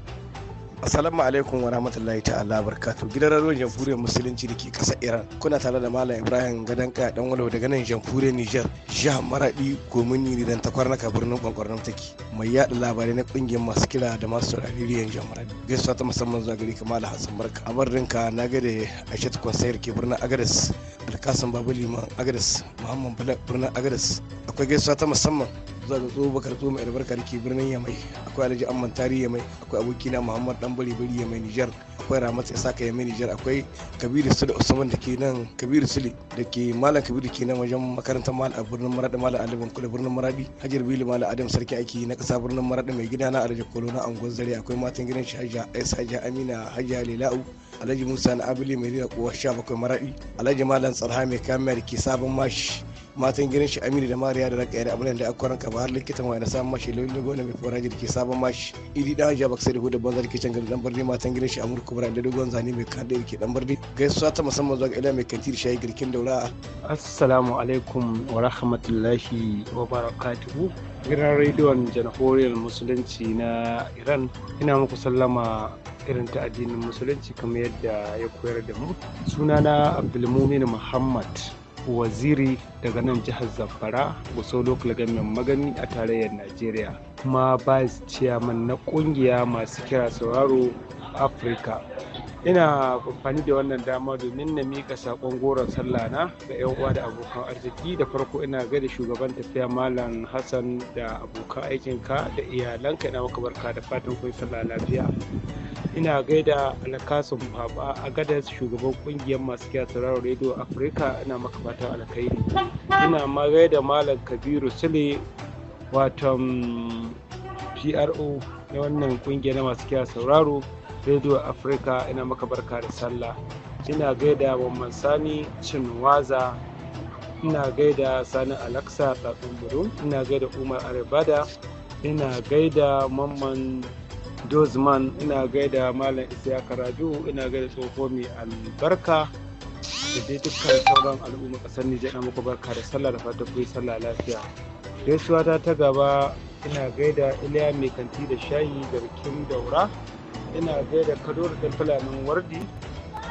Assalamu alaikum wa rahmatullahi ta'ala barkatu. Gidan radio Jamhuriyar Musulunci da ke ƙasar Iran. Kuna tare da Malam Ibrahim Gadanka dan walau daga nan Jamhuriyar Niger. Jiha Maradi Gomini dan takwar na birnin Kwankwarnan take. Mai yaɗa labarai na ƙungiyar masu kira da masu saurari riyan Jihar Maradi. Gaisuwa ta musamman zuwa gari kamar Hassan Barka. A barinka na gade Aishatu Kwansayar ke birnin Agadas. Alkasan Babu Liman Agadas. Muhammad Bala birnin Agadas. Akwai gaisuwa ta musamman za ka tso baka tso mai albarka da ke birnin yamai akwai alhaji amman tari yamai akwai abokina muhammad dan bari bari yamai nijar akwai ramat ya saka yamai nijar akwai kabiru sule usman da ke nan kabiru sule da ke malam kabiru ke nan wajen makarantar mal a birnin maradi malam alibin kula birnin maradi hajar bili malam adam sarki aiki na kasa birnin maradi mai gida na alhaji kolo na angon zare akwai matan gidan shi hajja aisa hajja amina hajja lela'u alhaji musa na abili mai rira kowa sha bakwai maradi alhaji malam tsarha mai kamar ke sabon mashi matan gidan shi aminu da mariya da rakaya da abin da akwaran ba har likitan wani samun mashi lullu gona mai foraji da ke sabon mashi Idi dan hajji baksa da hudu banzar ke can dan birni matan gidan shi amurka bura da dogon zane mai kada da ke dan birni gaisuwa ta musamman zuwa ga ila mai kantir shayi girkin daura assalamu alaikum wa rahmatullahi wa barakatuhu gidan rediyon janahoriyar musulunci na iran ina muku sallama irin ta addinin musulunci kamar yadda ya koyar da mu sunana abdulmumin muhammad waziri daga nan jihar zamfara gusau local government magani a tarayyar najeriya kuma vice chairman na kungiya masu kira sauraro afirka ina amfani da wannan dama domin na mika sakon goron sallah na ga yan uwa da abokan arziki da farko ina gaida shugaban tafiya malam hassan da abokan aikinka da iyalanka ina maka barka da fatan kun sallah lafiya ina gaida alakasun baba a gada shugaban kungiyar masu kiya sauraro rediyo afirka ina maka fatan alkhairi ina ma gaida malam kabiru sule watan pro na wannan kungiyar masu kiya sauraro radio africa ina maka barka da sallah ina gaida mamman sani cinwaza ina gaida sani alaksa tsatsun buru ina gaida umar aribada ina gaida mamman dozman ina gaida malam isya rabiu ina gaida tsoho mai albarka da dai dukkan sauran al'umma kasar nijar na muku barka da sallah da fata kuyi sallah lafiya gaisuwa ta ta gaba ina gaida iliya mai kanti da shayi garkin daura ina gaida kado da fulanin wardi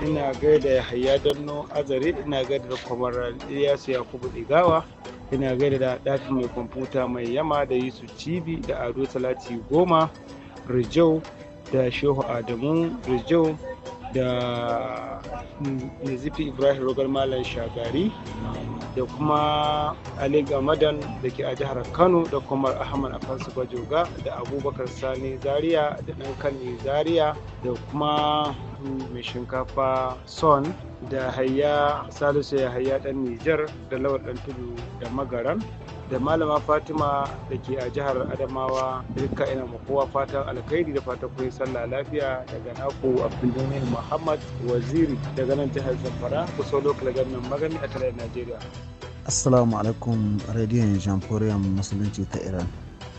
ina gaida yahaya danno azare ina gaida da kwamar iyasu yakubu digawa ina gaida da dafi mai kwamfuta mai yama da yusu cibi da ado talati goma rijau da shehu adamu rijau da nizifi ibrahim rogar malam shagari da kuma ali gamadan da ke a jihar kano da kuma ahmad afansu bajoga da abubakar sani zaria da dan kani zaria da kuma mai shinkafa son da hayya salisu ya hayya dan nijar da lawal dan tudu da magaran da malama fatima da ke a jihar adamawa duka ina ma kowa fatan alkhairi da fatan kun sallah lafiya daga naku abdulmumin muhammad waziri daga nan jihar zamfara kusa local government magani a tarayyar najeriya assalamu alaikum rediyon jamhuriyar musulunci ta iran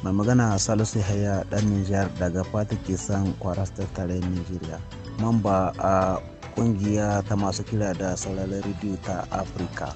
mai magana salisu haya dan nijar daga fata ke san kwaras ta tarayyar nijeriya mamba a kungiya ta masu kira da sauraron rediyo ta afirka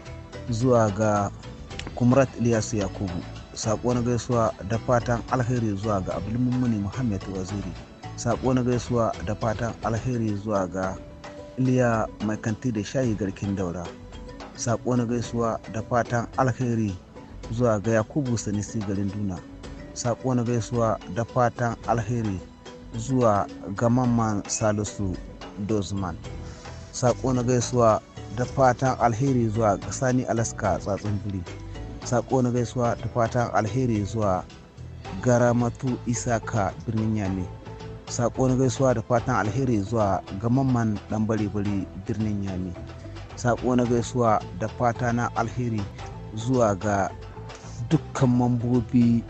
zuwa ga kumrat Ilyasu Yakubu. Sako na gaisuwa da fatan alheri zuwa ga Abdulmumuni Muhammad Waziri. Sako na gaisuwa da fatan alheri zuwa ga Iliya Mai Kanti da Shayi Garkin Daura. Sako na gaisuwa da fatan alheri zuwa ga Yakubu Sanisi garin Duna. Sako na gaisuwa da fatan alheri zuwa ga Mamman Salisu Dozman. Sako na gaisuwa da fatan alheri zuwa sani alaska tsatsin biri sako na gaisuwa da fatan alheri zuwa garamatu isaka birnin yame sako na gaisuwa da fatan alheri zuwa gamamman dan bari-bari birnin yame sako na gaisuwa da fata na alheri zuwa ga dukkan mambobi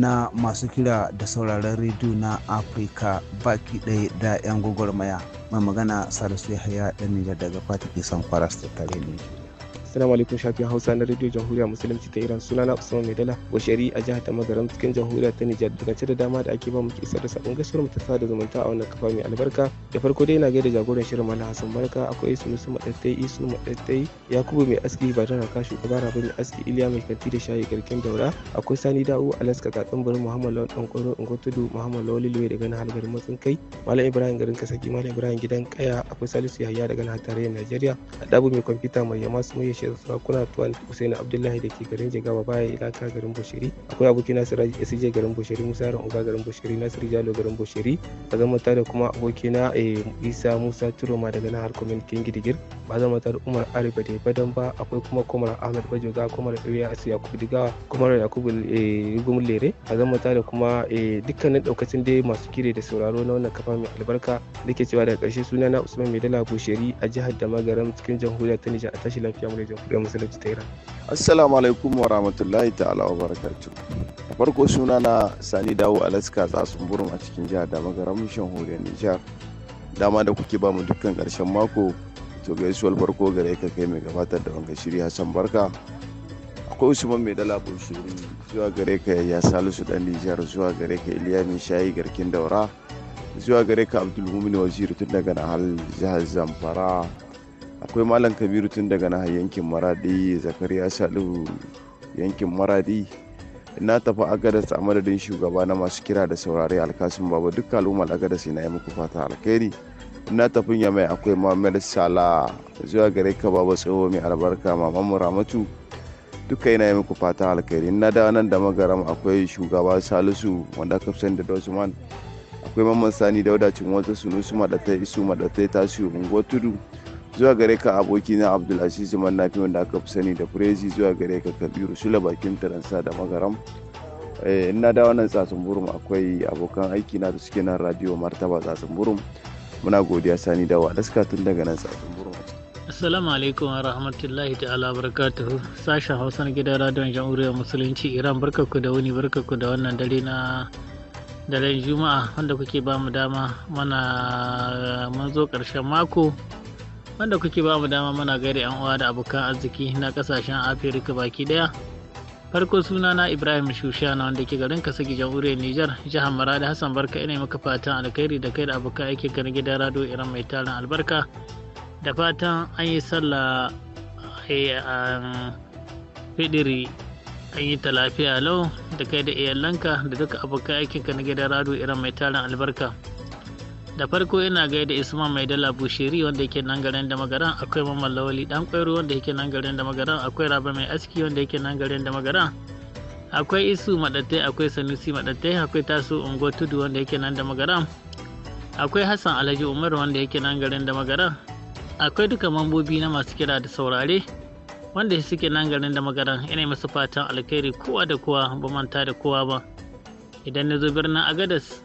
na masu kira da sauraron rediyo na afirka baki ɗaya da 'yan gwagwarmaya mai magana salisu da ɗan nijar daga fata ke san kwaras tare ne Assalamu alaikum shafin Hausa na Radio Jamhuriya Musulunci ta Iran suna sunana Usman Maidala Bashari a jihar ta Magaram cikin Jamhuriyar ta Nijar daga da dama da ake ba muke isar da sabon gaskiyar mu ta sada zumunta a wannan kafa mai albarka da farko dai na da jagoran shirin Malam Hassan Barka akwai musu Madattai Isu Madattai Yakubu mai aski ba da raka shugaba Rabi mai aski Iliya mai kanti da shayi garken daura akwai Sani Da'u Alaska Gatsan burin Muhammad Lawan Dan Kwaro in Tudu Muhammad Lawal Liwe daga nan Halgar Matsin Kai Malam Ibrahim garin Kasaki Malam Ibrahim gidan Kaya akwai Salisu Yahaya daga nan tarayyar Najeriya dabu mai kwamfuta mai yama su mai bashir sarakuna tuwan usaini abdullahi da ke garin jigawa baya ilaka garin bushiri akwai aboki nasiru sj garin bushiri musa yaron uba garin bushiri nasiru jalo garin bushiri ba zan manta da kuma aboki na eh, isa musa turoma daga nahar kwamitin gidigir ba zan manta da umar ariba Bade, badan ba akwai kuma Komar ahmed bajoga Komar ɗuriya asu yakubu digawa kwamar yakubu rigum eh, lere ba zan manta da kuma eh, dukkanin daukacin dai masu kire da sauraro na wannan kafa mai albarka da ke cewa daga ƙarshe suna na usman maidala bushiri a jihar da magaram cikin jamhuriyar ta nijar a tashi lafiya mu jamhuriyar musulunci ta iran assalamu alaikum wa rahmatullahi ta'ala wa barakatu farko suna na sani dawo alaska tsatsun burin a cikin jihar da magaramin hore nijar dama da kuke ba mu dukkan karshen mako to gaisuwar farko gare ka kai mai gabatar da wanga shiri hassan barka akwai usman mai dala shiri zuwa gare ka ya salisu dan nijar zuwa gare ka iliya shayi garkin daura zuwa gare ka abdulmumin waziri tun daga nahal jihar zamfara akwai malam kabiru tun daga na yankin maradi zakariya salihu yankin maradi na tafi agadas a madadin shugaba na masu kira da saurare alkasun baba duka al'ummar agadas na yi muku fata alkhairi na tafi yamai akwai muhammad sala zuwa gare ka baba tsoho mai albarka maman ramatu duka yana yi muku fata alkhairi na da nan da magaram akwai shugaba salisu wanda aka fi da dosman akwai mamman sani da wadacin wata sunusu madatai isu madatai tasiri unguwar tudu zuwa gare ka aboki na abdulaziz mannafi wanda aka fi sani da firezi zuwa gare ka kabiru shula bakin taransa da magaram eh, ina da wannan tsatsun burum akwai abokan aiki na da suke nan radio martaba tsatsun burum muna godiya sani da wadaska tun daga nan tsatsun burum Assalamu alaikum wa rahmatullahi ta'ala barakatuhu sashen Hausa na gidan radon jamhuriyar musulunci Iran barkaku da wuni barkaku da wannan dare na daren Juma'a wanda kuke ba mu dama mana mun zo ƙarshen mako wanda kuke ba mu dama muna gaida yan uwa da abokan arziki na kasashen afirka baki daya farko suna na ibrahim shushana wanda ke garin kasa jamhuriyar nijar jihar maradi hassan barka ina maka fatan alkhairi da kai da abokan aiki kan gidan rado iran mai tarin albarka da fatan an yi sallah a fidiri an yi ta lafiya lau da kai da iyalanka da duka abokan aikinka na gidan rado iran mai tarin albarka da farko ina gaida isma mai dala bushiri wanda yake nan garin da magaran akwai mamman lawali dan kwairu wanda yake nan garin da magaran akwai raba mai aski wanda yake nan garin da magaran akwai isu madatte akwai sanusi madatte akwai Tasu ungo tudu wanda yake nan da magaran akwai hassan alhaji umar wanda yake nan garin da magaran akwai duka mambobi na masu kira da saurare wanda suke nan garin da magaran ina masu fatan alkhairi kowa da kowa ba manta da kowa ba idan na zo birnin agadas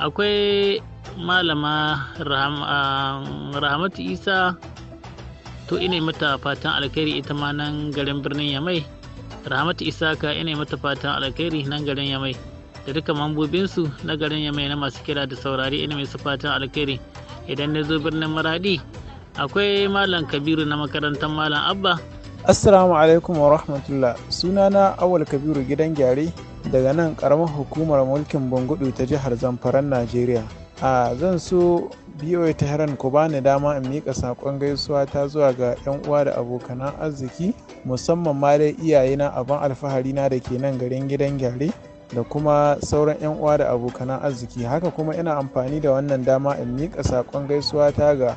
akwai malama ah, rahamatu isa to ina mata fatan alkhairi ita ma nan garin birnin yamai rahamatu isa ka ina mata fatan alkhairi nan garin yamai da duka mambobinsu na garin yamai na masu kira da saurari ina mai fatan alkhairi idan na zo birnin maradi akwai malam kabiru na makarantar malam abba assalamu alaikum wa rahmatullah sunana awal kabiru gidan gyare daga nan karamar hukumar mulkin bangudu ta jihar zamfaran najeriya a zan so biyo ta heran ku bani dama in miƙa saƙon gaisuwa ta zuwa ga 'yan uwa da abokanan arziki musamman ma dai iyayena abin alfahari na da ke nan garin gidan gyare da kuma sauran 'yan uwa da abokanan arziki haka kuma ina amfani da wannan dama in miƙa saƙon gaisuwa ta ga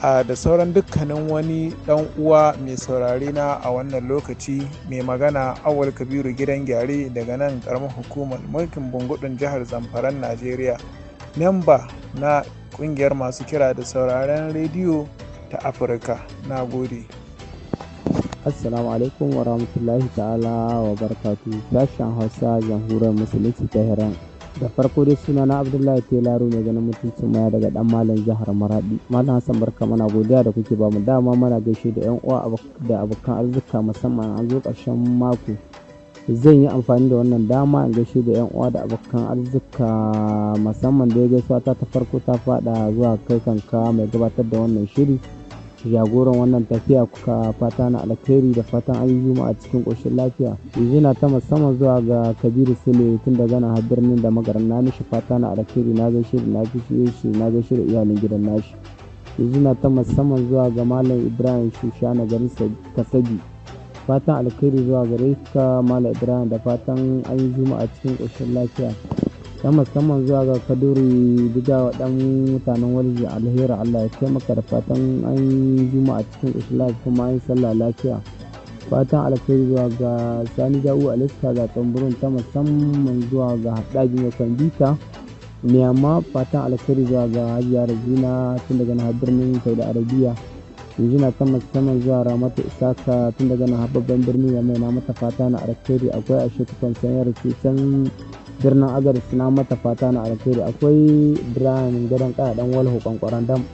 da sauran dukkanin wani dan uwa mai saurari na a wannan lokaci mai magana awal kabiru gidan gyare daga nan karamar hukumar mulkin bungudun jihar zamfaran najeriya memba na kungiyar masu kira da sauraren rediyo ta afirka na gode assalamu alaikum wa rahmatullahi ta'ala wa barkatu sashen hausa jamhuriyar musulunci ta hiran da farko dai suna na abdullahi telaro mai ganin mutuncin maya daga dan malam jihar maradi malam hassan barka mana godiya da kuke ba bamu dama mana gaishe da yan uwa da abokan arzika musamman an zo karshen mako zan yi amfani da wannan dama in gaishe da yan uwa da abokan arzika musamman da ya gaisuwa ta ta farko ta fada zuwa kai kanka mai gabatar da wannan shiri jagoran wannan tafiya kuka fata na alkhairi da fatan an yi a cikin ƙoshin lafiya yuzina ta musamman zuwa ga kabiru sule tun da gana har birnin da magaran na mishi fata na alkhairi na gaishe da na gaishe shi na gaishe da iyalin gidan nashi yuzina ta musamman zuwa ga malam ibrahim shushana garin kasabi fatan alkhairi zuwa gare ka malam ibrahim da fatan an yi a cikin ƙoshin lafiya ta musamman zuwa ga kaduri wa dan mutanen walji alheri allah ya taimaka da fatan an yi a cikin islam kuma an sallah lafiya fatan alkhairi zuwa ga sani da'u alista ga tamburin ta musamman zuwa ga haɗaji mai kwambita ne amma fatan alkhairi zuwa ga hajiya rajina tun daga na birnin saudi arabiya yanzu na ta musamman zuwa ramata isaka tun daga na babban birnin ya mai na mata fata na alkhairi akwai a shekutan sanyar su can birnin agar na mata fata na alkhairi akwai ibrahim gidan kaya dan walho kwankwaran dam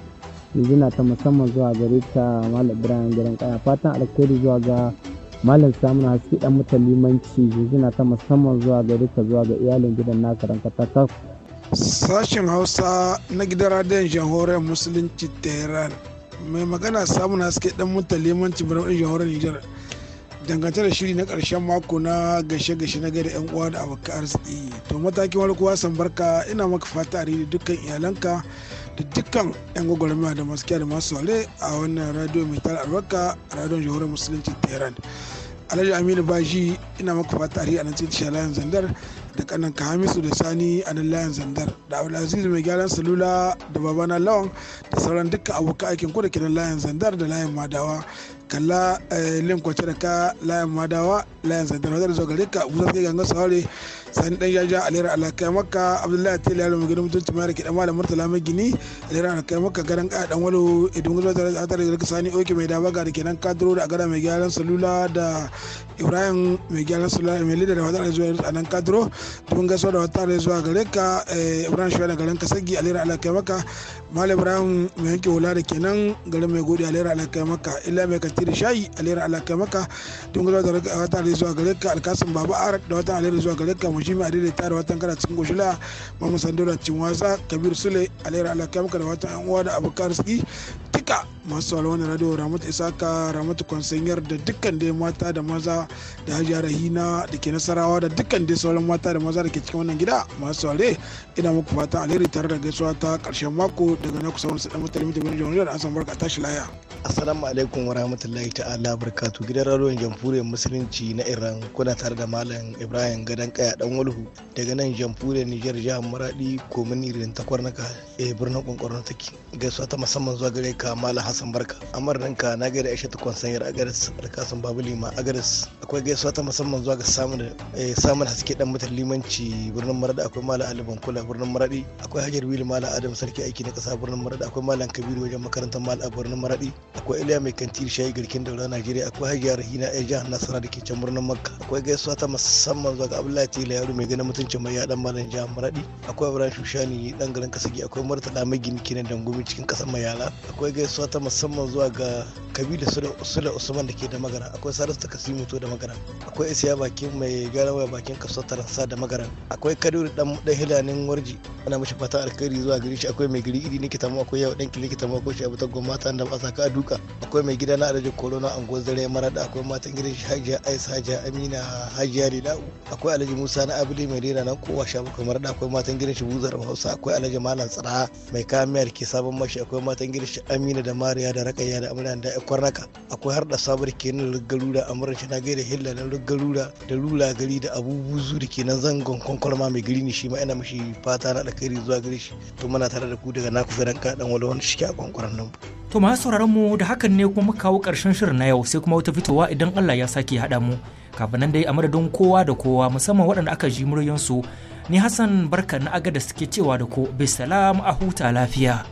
jinjina ta musamman zuwa gare ta malam ibrahim gidan kaya fatan alkhairi zuwa ga malam samun haske dan mutan limanci jinjina ta musamman zuwa gare ta zuwa ga iyalin gidan naka ranka ta sashen hausa na gidan radiyon jamhuriyar musulunci tehran mai magana samun haske dan mutan limanci birnin jamhuriyar nijar dangance da shiri na karshen mako na gashe-gashe na gari yan uwa da abokan arziki to matakin farko san barka ina maka fata da dukkan iyalanka da dukkan yan gwagwarmiya da masu da masu wale a wannan radio mai tara albarka a radio jihohar musulunci tehran alhaji aminu baji ina maka fata a nan cikin tashar layin zandar da kanan ka hamisu da sani a nan layin zandar da abdulaziz mai gyaran salula da babana lawan da sauran dukkan abokan aikin ku da kiran layin zandar da layin madawa kalla eh, lin kwace da ka layan madawa layan santar wajen zo gare ka musa sai ganga saurari sani dan jaja alera alakai maka abdullahi tele yalo magana mutunci mai rike dan malam murtala mai gini alera alakai maka garin kaya dan walo idan gudu da atar da sani oke mai da baga da kenan kadro da agada mai gyaran salula da ibrahim mai gyaran salula mai lidar da wata da zuwa a nan kadro tun gaso da wata da zuwa gare ka eh, ibrahim shi da garan kasagi alera alakai maka malam ibrahim mai yanke wula da kenan garin mai gode alera alakai maka illa mai kanti shayi alheri alaka maka don gudu da wata zuwa gare ka alkasin arak da wata zuwa gare ka a daidaita da watan kana cikin goshila cin wasa kabir sule alaka maka da wata an uwa da abokan arziki masu wani radio ramatu isaka ramatu da dukkan dai mata da maza da hajiya rahina da ke nasarawa da dukkan dai sauran mata da maza da ke cikin wannan gida masu saurare ina muku alheri tare da gaisuwa ta karshen mako daga na kusa wani sadan mutane mutane mutane mutane mutane mutane mutane mutane mutane alaikum mutane rahmatullahi ta'ala barkatu gidan radiyon jamhuriyar musulunci na iran kuna tare da malam ibrahim gadan kaya dan walhu daga nan jamhuriyar nijar jihar maradi komin irin ta naka e eh, birnin kwankwaron taki gaisuwa ta musamman zuwa gare ka malam hassan barka amar ka na gaida aisha ta kwansanyar agaris alkasan babuli ma agaris akwai gaisuwa ta musamman zuwa ga samun eh, samun haske dan mutan limanci birnin maradi akwai malam ali bankula birnin maradi akwai hajar wili malam adam sarki aiki na kasa birnin maradi akwai malam kabiru wajen makarantar malam birnin maradi akwai iliya mai kantin shayi girkin daura Najeriya akwai Hajiya Rahina ya jihar Nasara da ke can birnin Makka akwai gaisuwa ta musamman zuwa ga Abdullahi Tela yaro mai ganin mutuncin mai yadan malam jihar Maradi akwai Ibrahim Shushani dan garin Kasagi akwai Murtala Magini kinan dangumi cikin kasar Mayala akwai gaisuwa ta musamman zuwa ga kabila Sule Usman da ke da magana akwai Salisu ta Kasimu to da magana akwai Isiya bakin mai waya bakin kaso taransa da magana akwai Kaduri dan dan hilanin warji ana mishi fata alkhairi zuwa gari shi akwai mai gari iri ne kitamu akwai yau dan kili kitamu akwai shi abu ta gwamnati da ba sa duka akwai mai gida na alhaji korona anguwar mara da akwai matan gidan shi hajiya aisha hajiya amina hajiya ridau akwai alhaji musa na abu mai rera nan kowa sha bakwai da akwai matan gidan shi buzar hausa akwai alhaji malam tsara mai kamiyar ke sabon mashi akwai matan gidan shi amina da mariya da rakayya da amina da naka akwai har da sabar kenan ruggaru da amuran shi na gaida hilla na ruggaru da lula gari da abubuzu da kenan zangon kwankwalma mai gari ne shi ma ina mashi fata na alkhairi zuwa gari shi to muna tare da ku daga naku firanka dan wani wani shi a kwankwaran nan. to masu sauraron mu da hakan ne kuma muka kawo karshen shirin na yau sai kuma wata fitowa idan Allah ya sake haɗa mu kafin nan dai a madadin kowa da kowa musamman waɗanda aka ji muryansu ni Hassan barka na agada suke cewa da ku bisalam a huta lafiya.